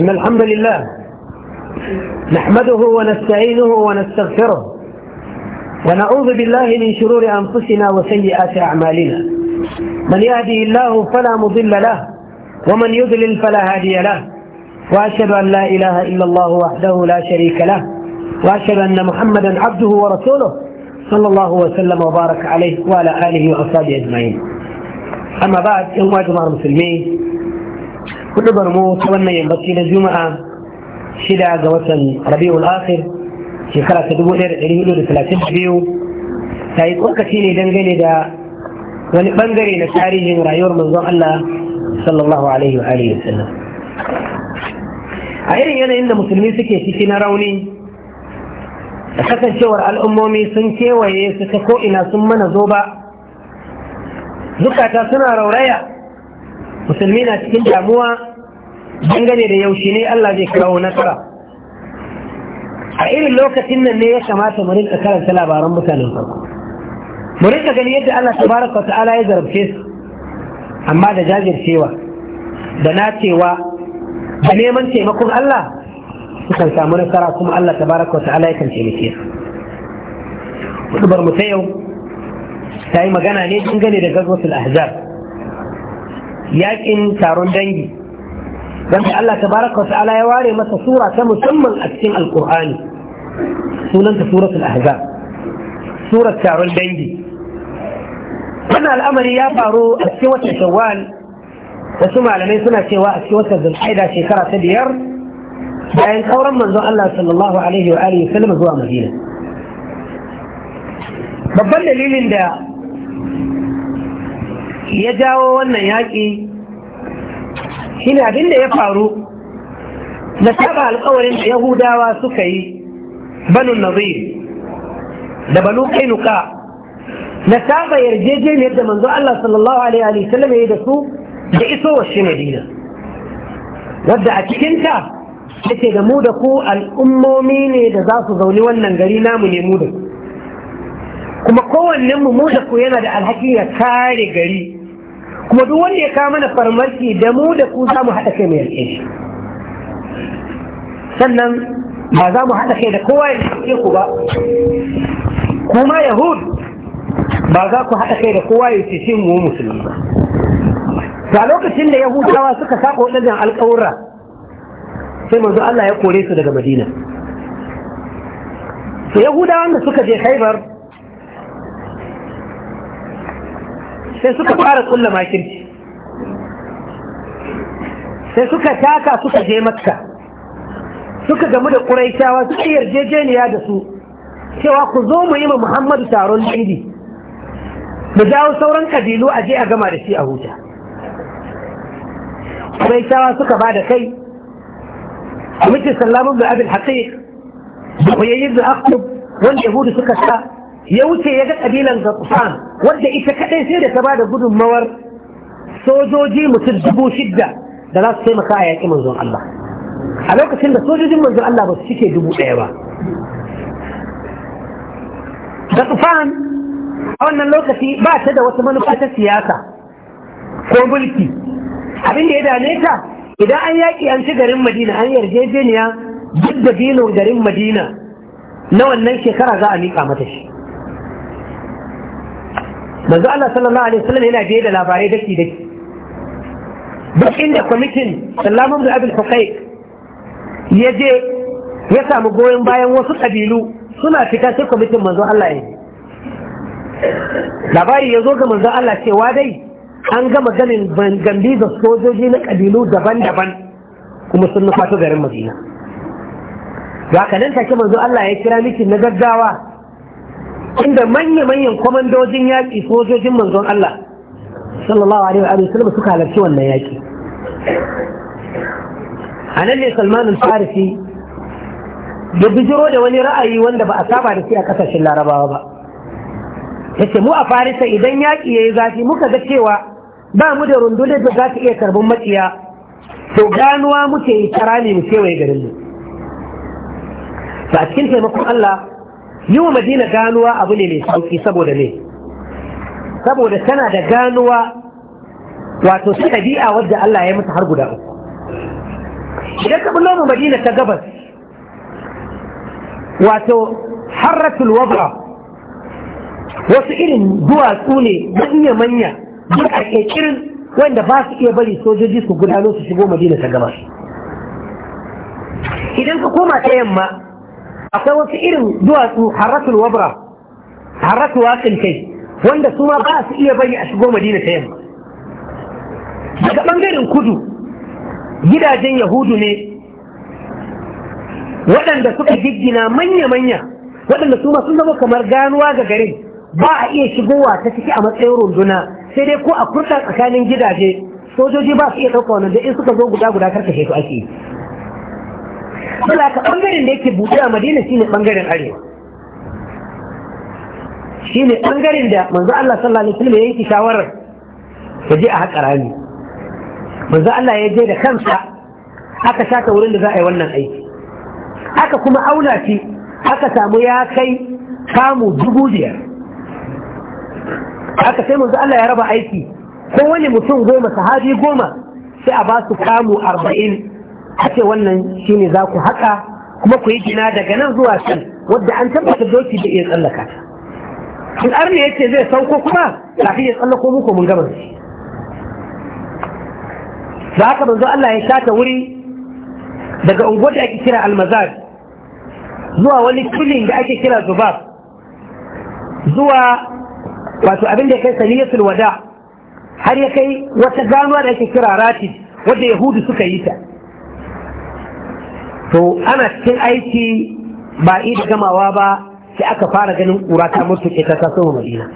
إن الحمد لله نحمده ونستعينه ونستغفره ونعوذ بالله من شرور أنفسنا وسيئات أعمالنا من يهدي الله فلا مضل له ومن يضلل فلا هادي له وأشهد أن لا إله إلا الله وحده لا شريك له وأشهد أن محمدا عبده ورسوله صلى الله وسلم وبارك عليه وعلى آله وأصحابه أجمعين أما بعد يوم أجمع المسلمين كل برمو تونا ينبكي للجمعة شدا جوسا ربيع الآخر في خلا تدبو إير إيري إيري ثلاثين بيو سايد طيب، وكتيني دنجل دا ونبنجري نتاريه رايور من ذو الله صلى الله عليه وآله وسلم أيضا أنا إن مسلمي سكي سكي نراوني أخذت شور الأمومي سنكي ويسكي كوئنا ثم نزوبا زكاة سنة رورية musulmi na cikin damuwa dangane da yaushe ne Allah zai kawo nasara a irin lokacin nan ne ya kamata mu rinka karanta labaran mutanen farko mu rinka gani yadda Allah tabaraka wa ta'ala ya zarfe su amma da jajircewa da cewa da neman taimakon Allah sukan samu nasara kuma Allah tabaraka wa ta'ala yakan taimake su mu ta yau ta yi magana ne dangane da gazwatul ahzab yakin taron dangi wanda Allah tabaraka wa ta'ala ya ware masa sura ta musamman a cikin alkur'ani sunanta suratul ahzab surat taron dangi wannan al'amari ya faru a cikin watan shawwal wasu malamai suna cewa a cikin watan zulhaida shekara ta biyar bayan kauran manzon Allah sallallahu alaihi wa alihi sallam zuwa madina babban dalilin da ya jawo wannan yaƙi shine abin da ya faru Na saba alkawarin da yahudawa suka yi banu nazir da banu kainuka na saba yarjejeniyar da manzo Allah sallallahu alaihi wasallam ya yi da su da iso shi madina wadda a cikinta yake da mu da ku al'ummomi ne da za su zauni wannan gari namu ne mu da kuma kowannen mu mu da ku yana da alhakin ya kare gari kuma duk wanda ya kawo mana farmaki da mu da ku za mu haɗa kai mai yarke shi sannan ba za mu haɗa kai da kowa ya yarke ku ba kuma yahud ba za ku haɗa kai da kowa ya ce shin mu musulmi ba ga lokacin da yahudawa suka saka waɗannan alƙawura sai manzo Allah ya kore su daga madina to yahudawan da suka je khaibar sai suka fara kulla makirci sai suka taka suka je makka suka gamu da ƙuraishawa suka yarjejeniya da su cewa ku zo mu yi ma muhammadu taron lidi mu jawo sauran kabilu a je a gama da shi a huta ƙuraishawa suka ba da kai a mutu sallamun da abin haƙiƙ da kuyayyar da aktub wanda yahudu suka sa ya wuce ya ga kabilan Ghatfan wadda ita kadai sai da ta ba da gudunmawar sojoji mutum dubu shidda da za su taimaka a yaƙi manzon Allah a lokacin da sojojin manzon Allah ba su cike dubu ɗaya ba Ghatfan a wannan lokaci ba ta da wata manufa ta siyasa ko mulki abin da ya dame ta idan an yaƙi an ci garin Madina an yarjejeniya duk da bino garin Madina na wannan shekara za a miƙa mata shi manzo Allah sallallahu alaihi wasallam yana biye da labarai daki daki duk inda kwamitin sallamun da abin hukai ya je ya samu goyon bayan wasu ƙabilu suna fita sai kwamitin manzo Allah ya labari ya zo ga manzo Allah cewa dai an gama ganin gambi da sojoji na ƙabilu daban-daban kuma sun nufato garin madina ba ka nan take manzo Allah ya kira mitin na gaggawa inda manya-manyan kwamandojin yaƙi sojojin manzon Allah sallallahu alaihi wa sallam suka halarci wannan yaƙi a nan ne farisi ya bijiro da wani ra'ayi wanda ba a saba da shi a ƙasashen larabawa ba ya mu a farisa idan yaƙi ya yi zafi muka ga cewa ba mu da rundunar da za ta iya karbin maciya to ganuwa muke yi tara ne mu kewaye garin mu ba a cikin taimakon Allah yi wa madina ganuwa abu ne mai sauki saboda ne saboda tana da ganuwa wato su ɗabi'a wadda Allah ya mata har guda uku idan ka bulo mu madina ta gabas wato harratul wabra wasu irin duwatsu ne manya-manya duk a ƙirƙirin wanda ba su iya bari sojoji su gudano su shigo madina ta gabas idan ka koma ta yamma akwai wasu irin duwatsu haratul wabra haratu waƙin kai wanda su ma ba su iya bari a shigo madina ta yamma daga bangaren kudu gidajen yahudu ne waɗanda suka giggina manya-manya waɗanda su ma sun zama kamar ganuwa ga garin ba a iya shigowa ta ciki a matsayin runduna sai dai ko a kurɗa tsakanin gidaje sojoji ba su iya ɗauka wannan da in suka zo guda guda karkashe su ake saboda ka ɓangaren da yake buɗe a madina ne ɓangaren arewa Shi ne ɓangaren da manzo Allah sallallahu alaihi wasallam ya yanki shawarar ya je a haƙa rami manzo Allah ya je da kansa aka shata wurin da za a yi wannan aiki aka kuma auna shi aka samu ya kai kamu dubu biyar aka sai manzo Allah ya raba aiki ko wani mutum goma sahabi goma sai a ba su kamu arba'in a ce wannan shine za ku haƙa kuma ku yi gina daga nan zuwa can wadda an tabbata doki da iya tsallaka in arna ya ce zai sauko kuma kafin ya tsallako muku mun gama shi da ka manzo Allah ya ta wuri daga unguwar da ake kira almazar zuwa wani filin da ake kira zubab zuwa wato abin da kai saniyatul wada har ya kai wata ganuwa da ake kira ratid wadda yahudu suka yi ta to ana cikin aiki ba yi da gamawa ba sai aka fara ganin ƙura ta mutu ke ta taso madina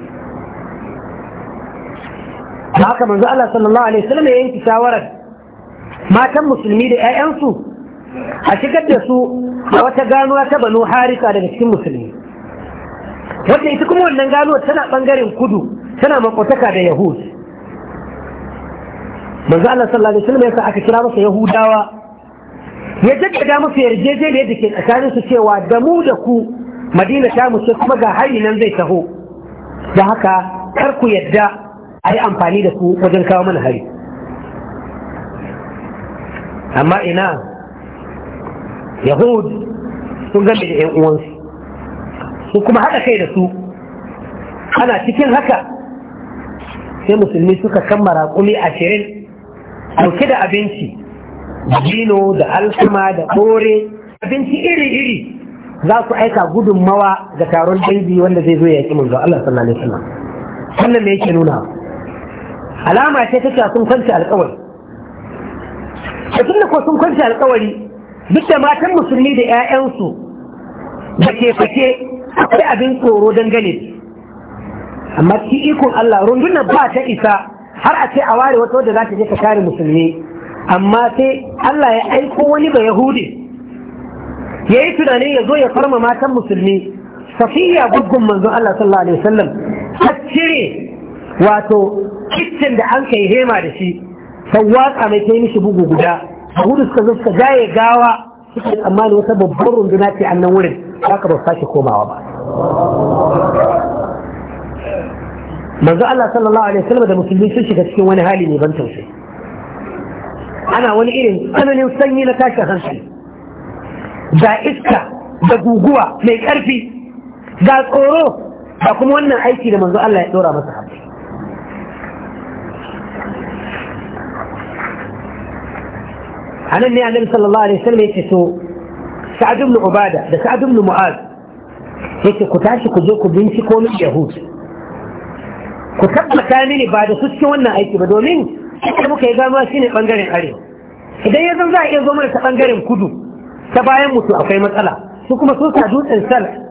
da haka manzo Allah sallallahu alaihi wasallam ya yanki shawarar matan musulmi da 'ya'yansu a shigar da su a wata ganuwa ta banu harika daga cikin musulmi wadda ita kuma wannan ganuwa tana bangaren kudu tana makwataka da yahud manzo Allah sallallahu alaihi wasallam ya sa aka kira masa yahudawa ya jaddada musu yarjejeniyar da ke tsakanin su cewa da mu da ku madina ta mu ce kuma ga hari nan zai taho da haka kar ku yadda a yi amfani da ku wajen kawo mana hari amma ina yahud sun gami da yan uwansu sun kuma haɗa kai da su ana cikin haka sai musulmi suka kammara kuli ashirin dauke da abinci gino da alkama da kore abinci iri-iri za ku aika gudunmawa ga taron jirgi wanda zai zo ya yi manzo Allah sallallahu alaihi wasallam wannan me yake nuna alama ce ta sun kwance alƙawari da ko sun kwanci alƙawari duk da matan musulmi da 'ya'yansu, da ke fake akwai abin tsoro dangane amma ki ikon Allah rundunar ba ta isa har a ce a ware wata wadda za ta je ta kare musulmi amma sai Allah ya aiko wani ba Yahudi ya yi tunanin ya zo ya farma matan musulmi safiya guggun manzon Allah sallallahu alaihi wasallam ta cire wato kitchen da an kai hema da shi ta watsa mai ta yi mishi bugu guda Yahudu suka zo suka jaye gawa suka tsammani wata babbar runduna ce annan wurin haka ba sake komawa ba manzo Allah sallallahu alaihi wasallam da musulmi sun shiga cikin wani hali ne ban tausayi ana wani irin tsananin sanyi na tashin hankali ga iska da guguwa mai ƙarfi ga tsoro da kuma wannan aiki da manzo Allah ya ɗora masa hafi a nan ne annabi sallallahu alaihi wasallam yake so sa'ad ibn ubada da sa'ad ibn mu'az yake ku tashi ku je ku binciko min yahud ku tabbata mini ba da su wannan aiki ba domin da muka yi shi shine bangaren arewa idan ya zan za a iya zo mana ta bangaren kudu ta bayan mutu akwai matsala su kuma sun sa dutsen sal